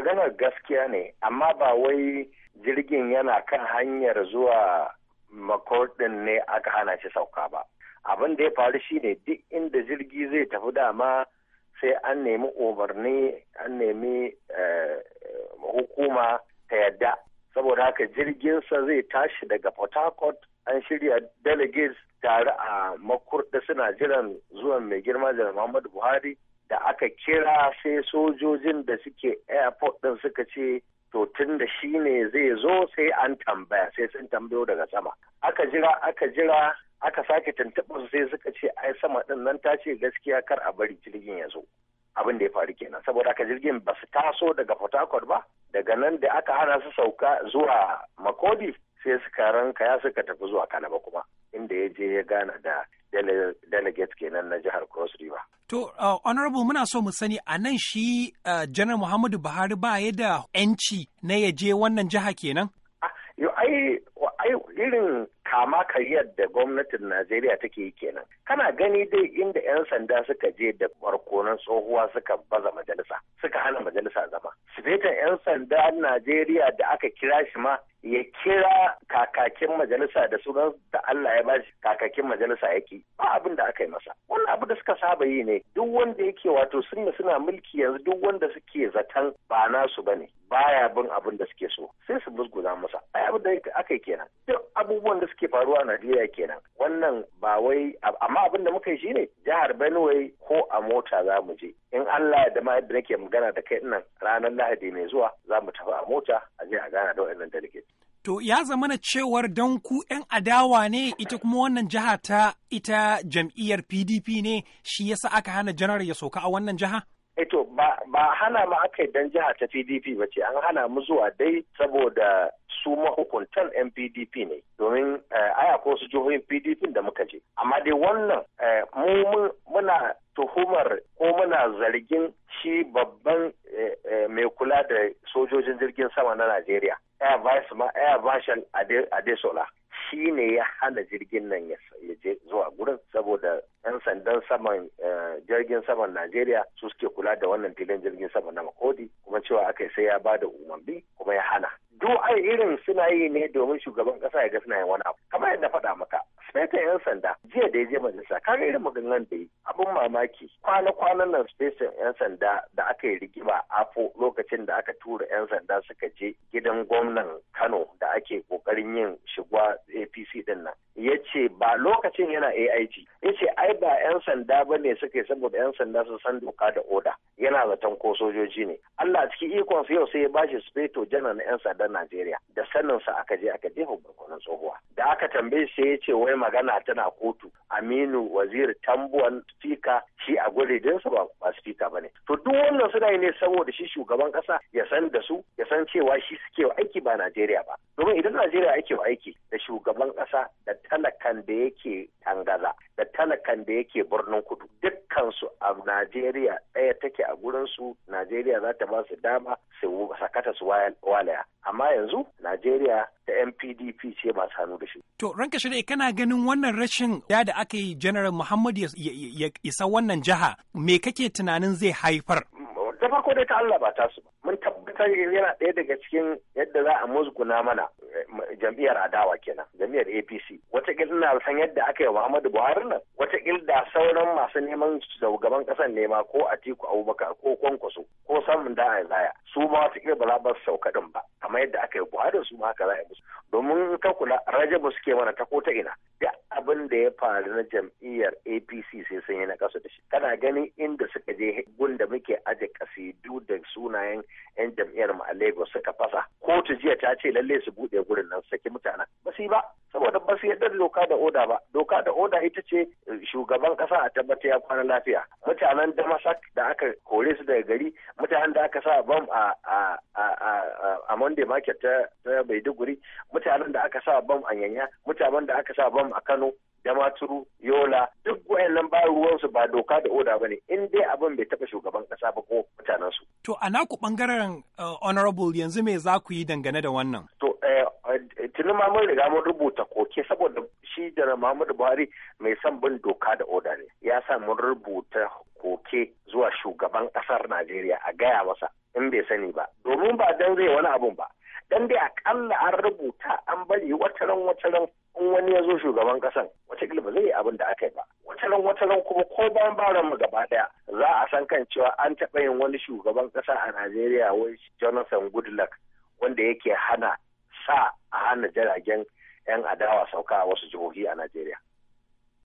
maganar gaskiya ne amma ba wai jirgin yana kan hanyar zuwa makordin ne aka hana shi sauka ba abin da ya faru shine duk inda jirgi zai tafi dama sai an nemi umarni an nemi eh, hukuma ta yadda saboda haka jirginsa zai tashi daga port harcourt an shirya delegates tare a makurda suna jiran zuwan mai girma da muhammadu buhari da aka kira sai sojojin da suke airport din suka ce to tun da shi ne zai zo sai an tambaya sai sun tambayo daga sama aka jira aka jira aka sake tuntuɓa sai suka ce ai sama din nan ta ce gaskiya kar a bari jirgin ya zo abin da ya faru kenan saboda aka jirgin ba su taso daga port ba daga nan da aka hana su sauka zuwa makodi sai suka ranka ya suka tafi zuwa ba kuma inda ya je ya gana da delegate kenan na jihar cross river To, uh, Honorable muna so mu sani a nan shi uh, Janar Muhammadu Buhari ba ya da 'yanci na ya je wannan jiha kenan? Ah, ai irin kama kariyar da gwamnatin Najeriya take yi kenan. Kana gani dai inda 'yan sanda suka je da barkonan tsohuwa suka baza majalisa, suka hana majalisa zama. Sifetan 'yan sanda Najeriya da aka kira shi ma ya kira kakakin majalisa da sunan da Allah ya bashi kakakin majalisa yake ba abin da aka yi masa wannan abu da suka saba yi ne duk wanda yake wato sunna suna mulki yanzu duk wanda suke zaton ba nasu bane baya bin abin da suke so sai su musguna masa ai abin da aka yi kenan duk abubuwan da suke faruwa a Najeriya kenan wannan ba wai amma abin da muka yi shine jihar Benue ko a mota za mu je in Allah da ma yadda nake magana da kai nan ranar Lahadi mai zuwa za mu tafi a mota a je a gana da waɗannan delegates To ya zamana cewar don ku 'yan adawa ne ita kuma wannan jiha ta ita jam'iyyar PDP ne shi yasa aka hana janar ya soka a wannan jiha? Eto eh ba, ba hana ma aka yi don jiha ta PDP ba ce an hana mu zuwa dai saboda su mahukuntan 'yan PDP ne domin aya ko su jihohin PDP da muka je. Amma dai wannan eh, mu muna tuhumar ko muna zargin shi babban eh, mai kula da sojojin jirgin sama na Najeriya. air vice ma air adesola shi ne ya hana jirgin nan ya je zuwa gurin saboda yan sandan saman eh, jirgin saman najeriya su suke kula da wannan filin jirgin sama na makodi kuma cewa aka sai ya ba da umarni kuma ya hana duk irin suna yi ne domin shugaban kasa ya ga suna yin wani abu kamar yadda faɗa maka Sufetan 'yan sanda jiya da ya je majalisa kaga irin maganganun da yi abin mamaki kwana-kwanan nan sufetan 'yan sanda da aka yi rigima afo lokacin da aka tura 'yan sanda suka je gidan gwamnan Kano da ake kokarin yin shigwa APC din nan. Ya ce ba lokacin yana AIG ya ce ai ba 'yan sanda ba ne suka yi saboda 'yan sanda su san doka da oda yana zaton ko sojoji ne. Allah ciki su yau sai ya bashi speto janar na 'yan sanda Najeriya da saninsa aka je aka jefa barkonon tsohuwa. Da aka tambaye sai ya ce wai magana tana kotu aminu waziri tambuwan fika shi a su ba ba ne bane to duk wannan suna yi ne saboda shi shugaban kasa ya san da su ya san cewa shi suke aiki ba Najeriya ba domin idan Najeriya ake aiki da shugaban kasa da talakan da yake tangaza da talakan da yake birnin kudu dukkansu a Najeriya ɗaya take a gurin su Najeriya za ta ba su dama su sakata su walaya amma yanzu Najeriya da NPDP ce ba su hannu da shi. To ranka shirya kana ganin wannan rashin ya da aka yi General Muhammad ya isa wannan jiha me kake tunanin zai haifar? Da farko dai ta Allah ba ta su mun tabbatar yana ɗaya daga cikin yadda za a musguna mana eh, jam'iyyar adawa kenan jam'iyyar APC wata na san yadda aka yi Muhammadu Buhari nan wata da sauran masu neman shugaban ƙasar nema ko Atiku Abubakar ko Kwankwaso ko samun da zaya su ma wata ba za ba sauka ɗin ba kamar yadda aka yi Buhari su ma haka za a yi musu domin ka kula Rajabu suke mana ta ko ta ina da abin da ya faru na jam'iyyar apc sai sun yi na kasa da shi kana gani inda suka je gun da muke aje kasidu da sunayen yan jam'iyyar mu a lagos suka fasa kotu jiya ta ce lalle su buɗe gurin nan saki mutanen ba su ba saboda ba su yarda doka da oda ba doka da oda ita ce eh, shugaban kasa a tabbata ya kwana lafiya mutanen damasak da aka kore su daga gari mutanen da aka sa bam a a a a monday market ta maiduguri mutanen da aka sa bam a yanya mutanen da aka sa bam a Kano damaturu yola duk wayannan ba ruwansu ba doka da oda ba ne in dai abin bai taba shugaban ƙasa ba ko mutanen su to a naku bangaren eh, honorable yanzu me za ku yi dangane da wannan to eh, tuni ma mun riga mun rubuta koke saboda shi da Muhammadu Buhari mai son bin doka da oda ne ya sa mun rubuta koke zuwa shugaban ƙasar Najeriya a gaya masa in bai sani ba domin ba dan zai wani abun ba dan dai akalla an rubuta an bari wataran wataran zo shugaban kasan wataƙila ba zai yi abin da aka yi ba wataran wataran kuma ko bayan baran mu gaba daya za a san kan cewa an taɓa yin wani shugaban kasa a najeriya wai jonathan goodluck wanda yake hana sa a hana jiragen 'yan adawa sauka a wasu jihohi a najeriya